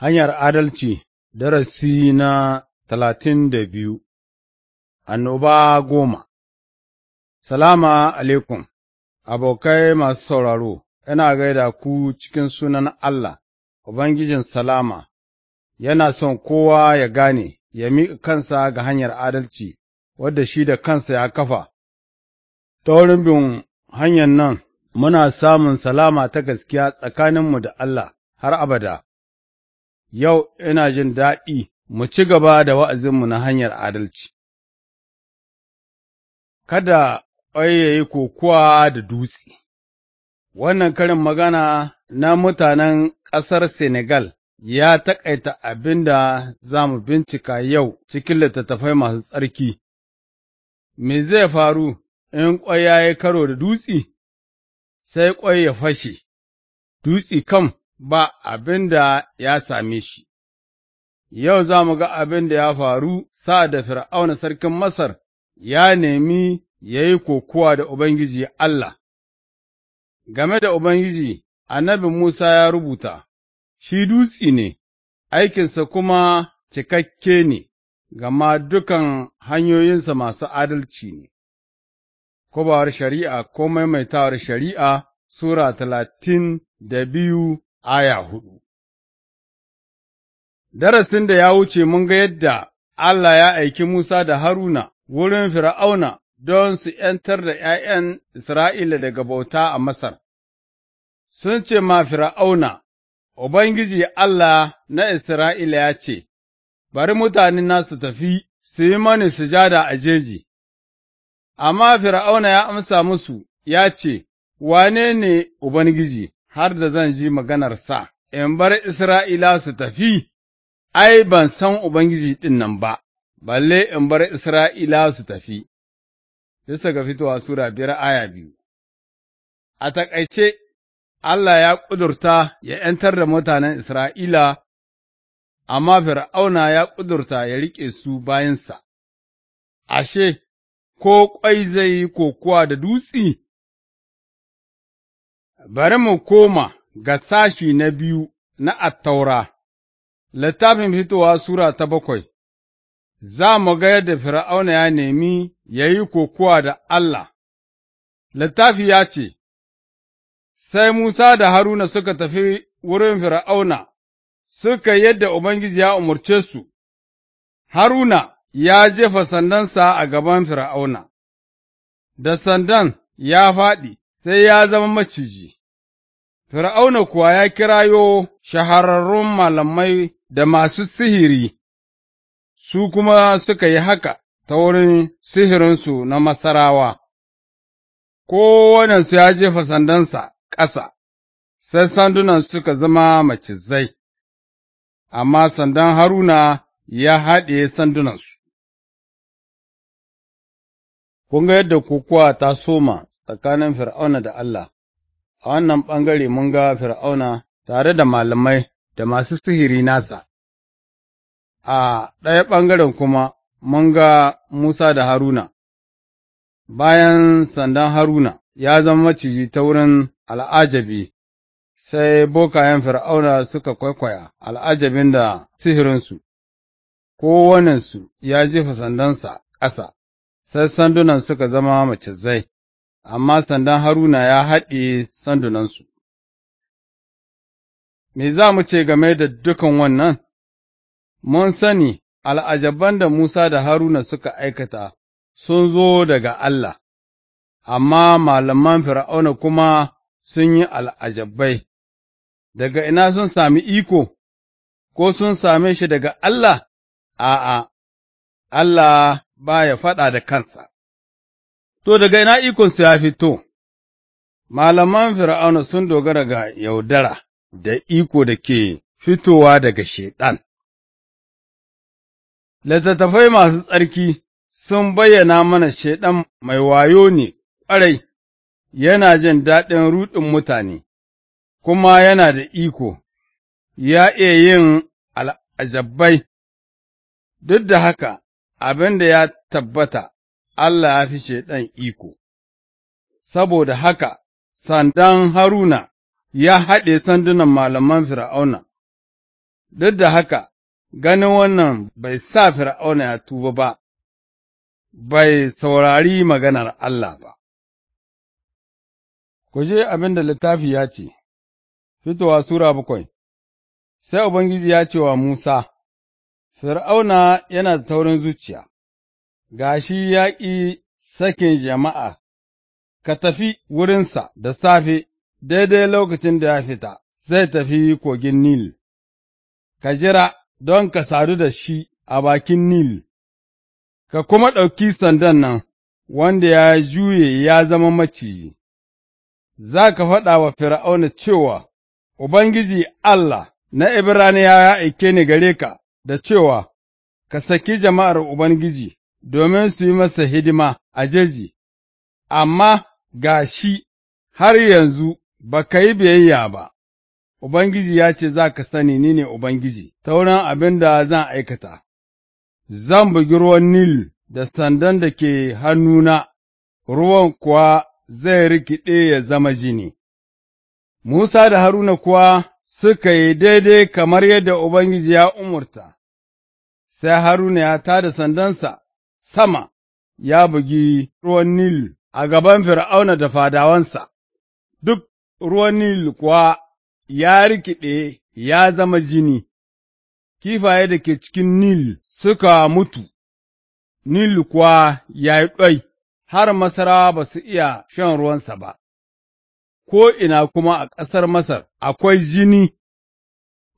Hanyar Adalci Darasi na talatin da biyu Annoba goma Salama alaikum, abokai masu sauraro, yana gaida ku cikin sunan Allah, Ubangijin Salama, yana son kowa ya gane, ya miƙa kansa ga hanyar adalci, wadda shi da kansa ya kafa. Ta wurin bin hanyar nan, muna samun salama ta gaskiya tsakaninmu da Allah har abada. Yau ina jin daɗi mu ci gaba da wa'azinmu na hanyar adalci. Kada ƙwai kokuwa da dutse Wannan karin magana na mutanen ƙasar Senegal ya taƙaita abin da za mu bincika yau cikin littattafai masu tsarki. Me zai faru in ƙwai ya karo da dutse? Sai ƙwai ya fashe, dutse kam ba abin da ya same shi. Yau za mu ga abin da ya faru sa'ad da Fir'auna sarkin Masar ya nemi ya yi kokowa da Ubangiji Allah. Game da Ubangiji, annabi Musa ya rubuta, Shi dutse ne, aikinsa kuma cikakke ne, gama dukan hanyoyinsa masu adalci ne. Kubawar shari'a ko maimaitawar shari'a Sura talatin da biyu aya hudu. Darasin da ya wuce mun ga yadda Allah ya aiki Musa da Haruna wurin Fir'auna don su ’yantar da ’ya'yan Isra'ila daga bauta a Masar, sun ce ma Fir'auna, Ubangiji Allah na Isra'ila ya ce, Bari mutane nasu tafi su yi mani sujada a jeji, amma Fir'auna ya amsa musu ya ce, Wane ne Ubangiji, har da zan ji maganarsa, in bar Isra'ila su tafi, ai, ban san Ubangiji ɗin nan ba, balle in bar Isra'ila su tafi, bisa ga fitowa Sura biyar aya biyu. A taƙaice, Allah ya ƙudurta ya ’yantar da mutanen Isra'ila, amma Fir'auna ya ƙudurta ya riƙe su bayansa, ashe, ko ƙwai zai yi kokowa da dutse? Bari mu koma ga sashi na biyu na attaura, littafin fitowa Sura ta bakwai, za mu ga yadda Fir'auna ya nemi ya yi kokowa da Allah, littafi ya ce, Sai Musa da Haruna suka tafi wurin Fir'auna, suka yadda Ubangiji ya umarce su, Haruna ya jefa sandansa a gaban Fir'auna, da sandan ya faɗi sai ya zama maciji. Fir'auna kuwa ya kirayo shahararrun malamai da masu sihiri, su kuma suka yi haka ta wurin sihirinsu na Masarawa, kowanensu ya jefa sandansa ƙasa, sai sandunan suka zama macizai, amma sandan Haruna ya haɗe sandunansu. Kun ga yadda kokowa ta soma tsakanin Fir'auna da Allah. a wannan ɓangare mun ga Fir'auna tare da malamai da masu sihiri nasa, a ɗaya ɓangaren kuma mun ga Musa da Haruna, bayan sandan Haruna ya zama maciji ta wurin al'ajabi, sai bokayen Fir'auna suka kwaikwaya al'ajabin da sihirinsu, kowanensu ya jefa sandansa ƙasa, sai sandunan suka zama macizai. amma sandan Haruna ya haɗe sandunansu. Me za mu ce game da dukan wannan? Mun sani al'ajaban da Musa da Haruna suka aikata sun zo daga Allah, amma malaman Fir'auna kuma sun yi al'ajabai, daga ina sun sami iko, ko sun same shi daga Allah? A'a, Allah ba ya faɗa da kansa. to daga ina ikonsu ya fito, malaman Fir'auna sun dogara ga yaudara da iko da ke fitowa daga Shaiɗan. Littattafai masu tsarki sun bayyana mana Shaiɗan mai wayo ne ƙwarai, yana jin daɗin ruɗin mutane, kuma yana da iko, ya iya yin al'ajabai, duk da haka abin da ya tabbata Allah ya fi Shaiɗan iko, saboda haka sandan Haruna ya haɗe sandunan malaman Fir'auna, duk da haka ganin wannan bai sa Fir'auna ya tuba ba, bai saurari maganar Allah ba. Ku je abin da littafi ya ce, Fitowa Sura bakwai, sai Ubangiji ya ce wa Musa, Fir'auna yana da taurin zuciya, gashi ya ƙi sakin jama'a, ka tafi wurinsa da safe, daidai lokacin da ya fita, zai tafi kogin Nil, ka jira don ka sadu da shi a bakin Nil, ka kuma ɗauki sandan nan wanda ya juye ya zama maciji, za ka faɗa wa Fir'auna cewa, Ubangiji Allah na Ibraniya ya aike ni gare ka da cewa, Ka saki jama'ar Ubangiji, domin su yi masa hidima a jeji, amma ga shi har yanzu ba ka yi biyayya ba, Ubangiji ya ce za ka sani ni ne Ubangiji, ta wurin abin da zan aikata, zan bugi ruwan Nil da sandan da ke hannuna, ruwan kuwa zai rikide ya zama jini. Musa da Haruna kuwa suka yi daidai kamar yadda Ubangiji ya umurta, sai Haruna ya tada sandansa, sama ya bugi ruwan Nil a gaban Fir'auna da fadawansa, duk ruwan Nil kuwa ya rikide ya zama jini, kifaye da ke cikin Nil suka mutu, Nil kuwa ya yi ɗwai, har Masarawa ba su iya shan ruwansa ba, Ko ina kuma a ƙasar Masar akwai jini,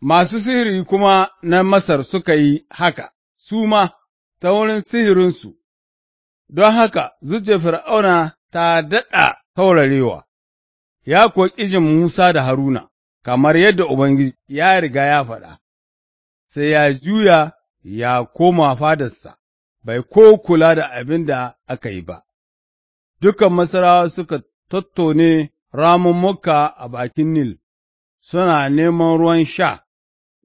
masu sihiri kuma na Masar suka yi haka, su ma ta wurin sihirinsu, don haka zuciyar Fir'auna ta daɗa taurarewa, ya kuwa ƙijin Musa da Haruna, kamar yadda Ubangiji ya riga ya faɗa, sai ya juya ya koma fadarsa, bai ko kula da abin da aka yi ba. Dukan Masarawa suka tattone ramummuka a bakin Nil, suna neman ruwan sha,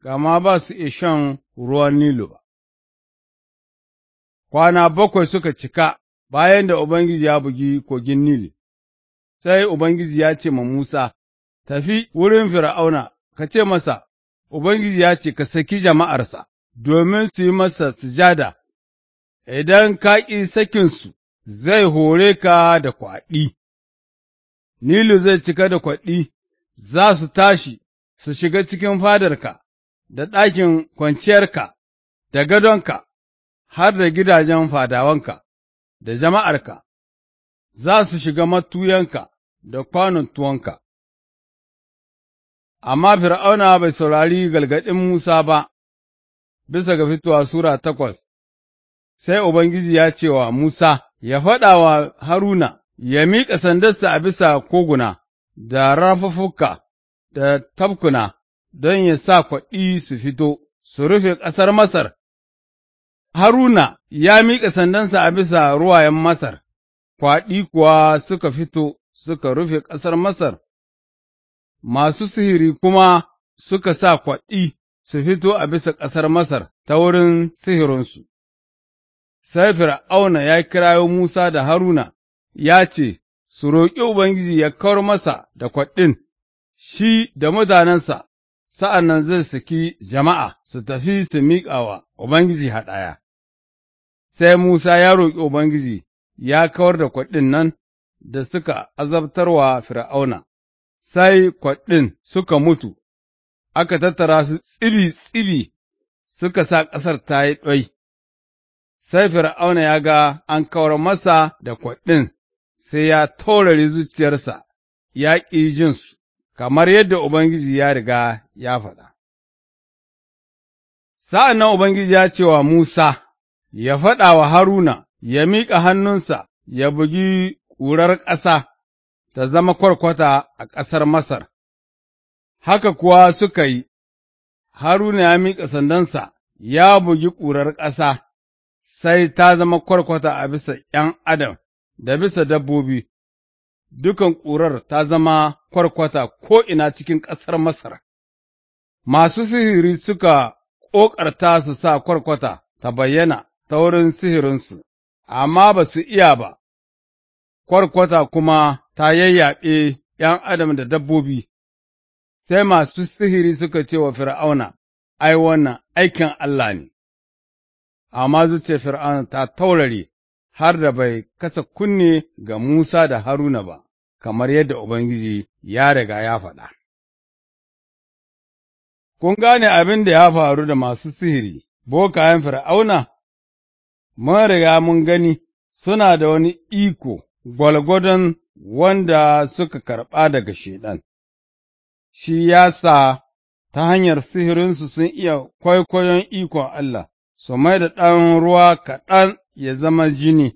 gama ba su iya ruwan Nilu ba. kwana bakwai suka cika bayan da Ubangiji ya bugi kogin Nili, sai Ubangiji ya ce ma Musa, Tafi wurin Fir'auna, ka ce masa, Ubangiji ya ce, Ka saki jama'arsa, domin su yi masa sujada, idan ka ƙi sakinsu, zai hore ka da kwaɗi. Nilu zai cika da kwaɗi, za su tashi, su shiga cikin fadarka, da ɗakin kwanciyarka, da gadonka, har da gidajen fadawanka da jama'arka, za su shiga matuyanka da kwanon tuwanka. Amma Fir'auna bai saurari galgadin Musa ba, bisa ga fitowa Sura takwas, sai Ubangiji ya ce wa Musa, ya faɗa wa Haruna, ya miƙa sandarsa a bisa koguna, da rafuffuka, da tafkuna, don ya sa kwaɗi su fito, su rufe ƙasar Masar Haruna ya miƙa sandansa a bisa ruwayen Masar, kwaɗi kuwa suka fito suka rufe ƙasar Masar, masu sihiri kuma suka sa kwaɗi su fito a bisa ƙasar Masar ta wurin sihirinsu. Sai Fir'auna ya kirayo Musa da Haruna, ya ce, Su roƙi Ubangiji ya kawar masa da kwaɗin, shi da mutanensa, sa'an nan zai saki jama'a su tafi su miƙa wa Ubangiji haɗaya. sai Musa ya roƙi Ubangiji ya kawar da kwaɗin nan da suka azabtar wa Fir'auna, sai kwaɗin suka mutu, aka tattara su tsibi-tsibi suka sa ƙasar ta yi ɗwai. Sai Fir'auna ya ga an kawar masa da kwaɗin, sai ya taurari zuciyarsa, ya ƙi jinsu, kamar yadda Ubangiji ya riga ya faɗa. Sa'an nan Ubangiji ya ce wa Musa, ya faɗa wa Haruna ya miƙa hannunsa ya bugi ƙurar ƙasa ta zama kwarkwata a ƙasar Masar, haka kuwa suka yi, Haruna ya miƙa sandansa ya bugi ƙurar ƙasa, sai ta zama kwarkwata a bisa ’yan adam da bisa dabbobi, dukan ƙurar ta zama kwarkwata ko'ina cikin ƙasar Masar. Masu sihiri suka ƙoƙarta su sa kwarkwata ta bayyana ta wurin sihirinsu, amma ba su iya ba, kwarkwata kuma ta yayyaɓe ’yan adam da dabbobi, sai masu sihiri suka ce wa Fir'auna, Ai, wannan aikin Allah ne, amma zuciyar Fir'auna ta taurare har da bai kasa kunne ga Musa da Haruna ba, kamar yadda Ubangiji ya riga ya faɗa. Kun gane abin da ya faru da masu sihiri, bokayen Fir'auna? mun riga mun gani suna da wani iko gwalgwadon wanda suka karɓa daga Shaiɗan, shi ya sa ta hanyar sihirinsu sun iya kwaikwayon ikon Allah, su mai da ɗan ruwa kaɗan ya zama jini,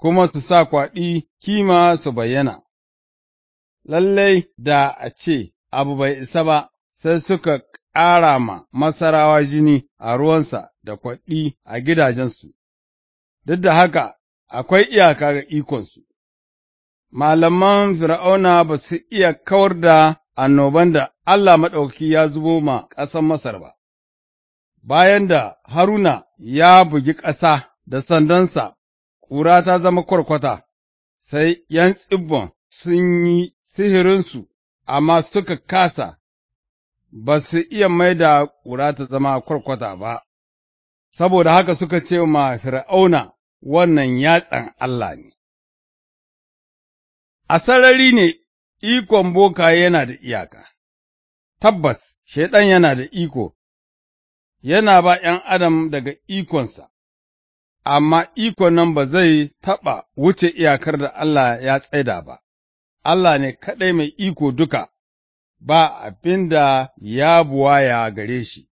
kuma su sa kwaɗi kima su bayyana. Lallai da a ce abu bai isa ba, sai suka ƙara ma masarawa jini a ruwansa da kwaɗi a gidajensu. duk da haka akwai iyaka ga ikonsu. Malaman Fir'auna ba su iya kawar da annoban da Allah maɗauki ya zubo ma ƙasar Masar ba, bayan da Haruna ya bugi ƙasa da sandansa, ƙura ta zama kwarkwata, sai ’yan tsibbon sun yi sihirinsu, amma suka kasa, ba su iya mai da ƙura ta zama kwarkwata ba, saboda haka suka ce ma Fir'auna, wannan yatsan Allah ne. A sarari ne ikon boka yana da iyaka, tabbas, Shaiɗan yana da iko, yana ba ’yan adam daga ikonsa, amma ikon nan ba zai taɓa wuce iyakar da Allah ya tsaida ba, Allah ne kaɗai mai iko duka, ba abin da ya buwaya gare shi,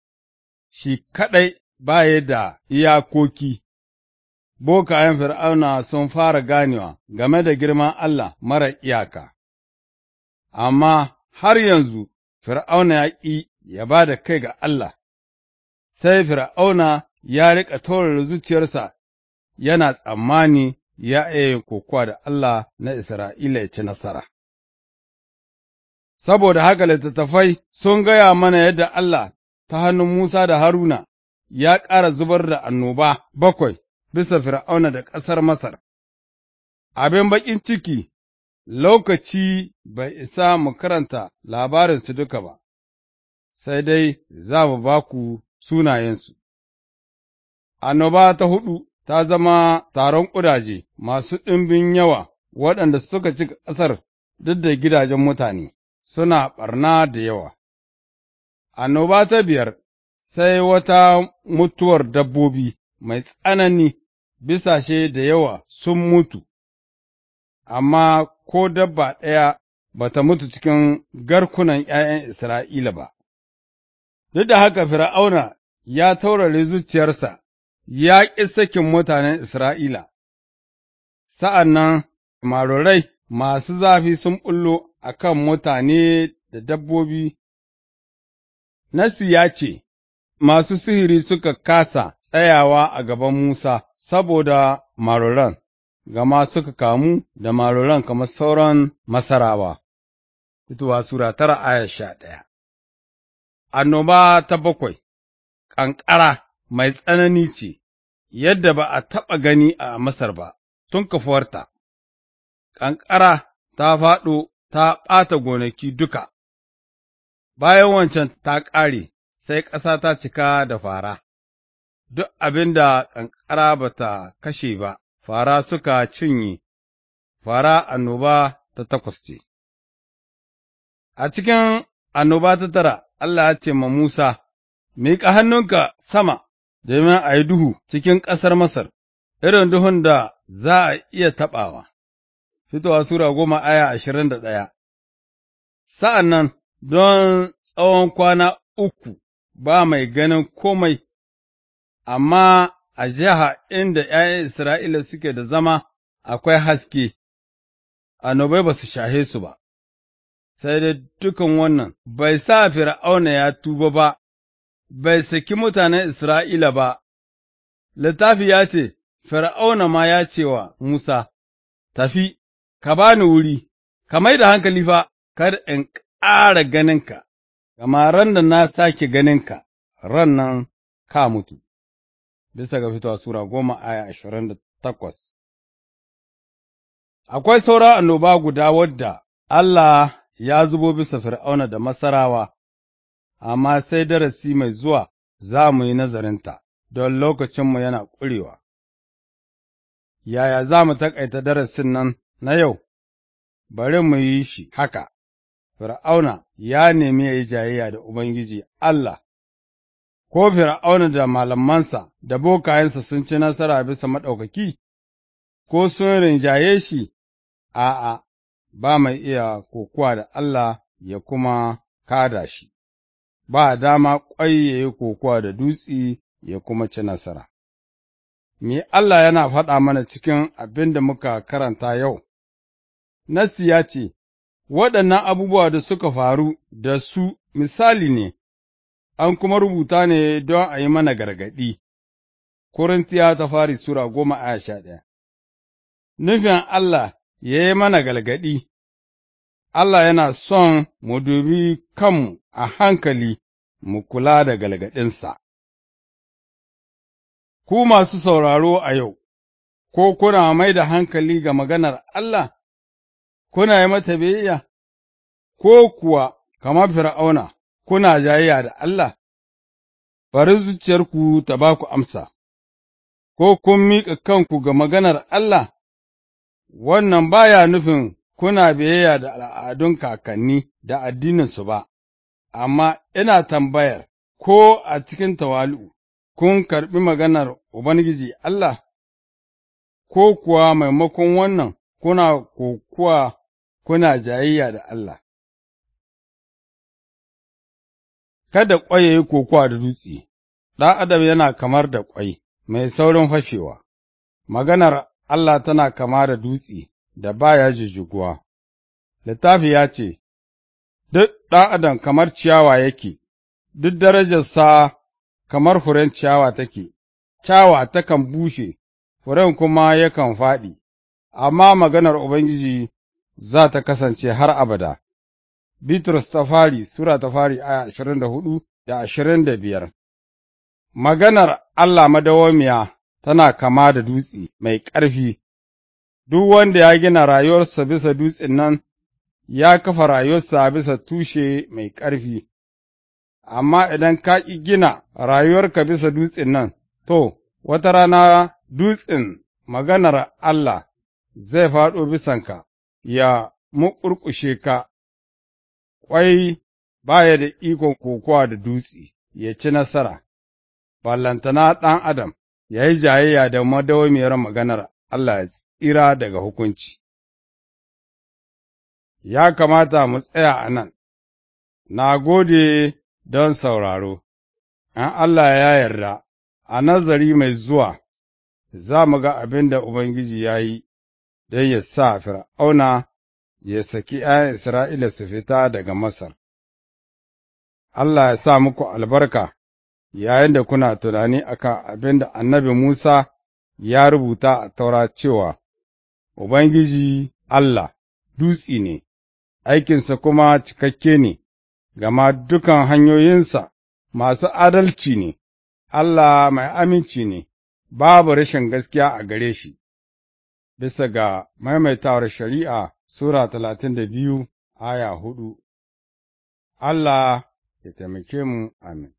shi kaɗai baya da iyakoki. bokayen fir'auna sun fara ganewa game da girman Allah mara iyaka, amma har yanzu fir'auna ya ƙi ya ba da kai ga Allah, sai fir'auna ya riƙa taurin zuciyarsa yana tsammani ya iya kokowa da Allah na Isra'ila ya ci nasara. Saboda haka littattafai sun gaya mana yadda Allah ta hannun Musa da Haruna ya ƙara zubar da annoba bakwai bisa Fir'auna da ƙasar Masar. Abin baƙin ciki, lokaci bai isa mu karanta labarinsu duka ba, sai dai za mu ba ku sunayensu. Annoba ta huɗu ta zama taron ƙudaje masu ɗimbin yawa waɗanda suka ci ƙasar duk da gidajen mutane, suna ɓarna da yawa. Annoba ta biyar sai wata mutuwar dabbobi mai tsanani bisashe da yawa sun mutu, amma ko dabba ɗaya ba ta mutu cikin garkunan ’ya'yan Isra'ila ba. Duk da haka Fir'auna ya taurari zuciyarsa, ya ƙi sakin mutanen Isra'ila, sa'an nan marurai masu zafi sun ɓullo a kan mutane da dabbobi. Nasi ya ce, Masu sihiri suka kasa tsayawa a gaban Musa, saboda maroran, gama suka kamu da maroran kamar sauran masarawa. Fitowa Sura tara aya sha ɗaya Annoba ta bakwai Ƙanƙara mai tsanani ce, yadda ba a taɓa gani a Masar ba, tun kafuwarta, ƙanƙara ta faɗo ta ɓata gonaki duka, bayan wancan ta ƙare, sai ƙasa ta cika da fara. duk abin da ƙanƙara ba ta kashe ba, fara suka cinye, fara annoba ta takwas ce. A cikin annoba ta tara, Allah ya ce ma Musa, Miƙa hannunka sama, domin a yi duhu cikin ƙasar Masar, irin duhun da za a iya taɓawa. Fitowa Sura goma aya ashirin da ɗaya Sa'an nan, don tsawon kwana uku ba mai ganin komai, amma a jiha inda ’ya'yan Isra'ila suke da zama akwai haske, annobai ba su shahe su ba, sai dai dukan wannan bai sa Fir'auna ya tuba ba, bai saki mutanen Isra'ila ba, littafi ya ce, Fir'auna ma ya ce wa Musa, Tafi, ka ba ni wuri, ka mai da hankali fa, kada in ƙara ganinka, gama ran da na sake ganinka, ran nan ka mutu. bisa ga fitowa Sura goma aya ashirin da takwas. Akwai saura annoba guda wadda Allah ya zubo bisa Fir'auna da Masarawa, amma sai darasi mai zuwa za mu yi nazarinta, don lokacinmu yana ƙurewa. Yaya za mu taƙaita darasin nan na yau, bari mu yi shi haka, Fir'auna ya nemi ya yi jayayya da Ubangiji Allah, ko Fir'auna da malamansa da bokayensa sun ci nasara bisa maɗaukaki, ko sun rinjaye shi, a'a, ba mai iya kokuwa da Allah ya kuma kada shi, ba dama ƙwai ya yi kokuwa da dutse ya kuma ci nasara. Me Allah yana faɗa mana cikin abin da muka karanta yau, ya ce, waɗannan abubuwa da suka faru da su misali ne an kuma rubuta ne don a yi mana gargaɗi, Korintiya ta fari Sura goma a sha ɗaya. Nufin Allah ya yi mana gargaɗi, Allah yana son mu dubi kanmu a hankali mu kula da gargaɗinsa Ku masu sauraro a yau, ko kuna mai da hankali ga maganar Allah, kuna yi mata biyayya, ko kuwa kamar Fir'auna, kuna jayayya da Allah, bari zuciyarku ta ba ku amsa, ko kun miƙa kanku ga maganar Allah, wannan baya nufin kuna biyayya da al'adun kakanni da addininsu ba, amma ina tambayar ko a cikin tawali'u kun karɓi maganar Ubangiji Allah, ko kuwa maimakon wannan kuna kokuwa kuna jayayya da Allah. kada ƙwai ya yi kokowa da dutse, ɗan adam yana kamar da ƙwai mai saurin fashewa, maganar Allah tana kama da dutse da baya jijjiguwa. Littafi ya ce, Duk ɗan adam kamar ciyawa yake, duk darajarsa kamar furen ciyawa take, ciyawa takan bushe, furen kuma yakan faɗi, amma maganar Ubangiji za ta kasance har abada. Bitrus ta fari Sura ta fari aya ashirin da hudu da ashirin da biyar Maganar Allah madawamiya tana kama da dutse mai ƙarfi, duk wanda ya gina rayuwarsa bisa dutsen nan ya kafa rayuwarsa bisa tushe mai ƙarfi, amma idan ka ƙi gina rayuwarka bisa dutsen nan, to, wata rana dutsen maganar Allah zai faɗo bisanka ya muƙurƙushe ka Kwai ba ya da ikon kokowa da dutse ya ci nasara, ballantana ɗan adam ya yi jayayya da madawamiyar maganar Allah ya tsira daga hukunci. Ya kamata mu tsaya a nan, na gode don sauraro, in Allah ya yarda, a nazari mai zuwa za mu ga abin da Ubangiji ya yi don ya sa fir'auna ya saki ’ya'yan Isra'ila su fita daga Masar. Allah ya sa muku albarka yayin da kuna tunani akan abin da annabi Musa ya rubuta a taura cewa, Ubangiji Allah, dutsi ne, aikinsa kuma cikakke ne, gama dukan hanyoyinsa masu adalci ne, Allah mai aminci ne, babu rashin gaskiya a gare shi, bisa ga maimaitawar shari'a Sura talatin da biyu aya hudu Allah ya taimake mu, amin.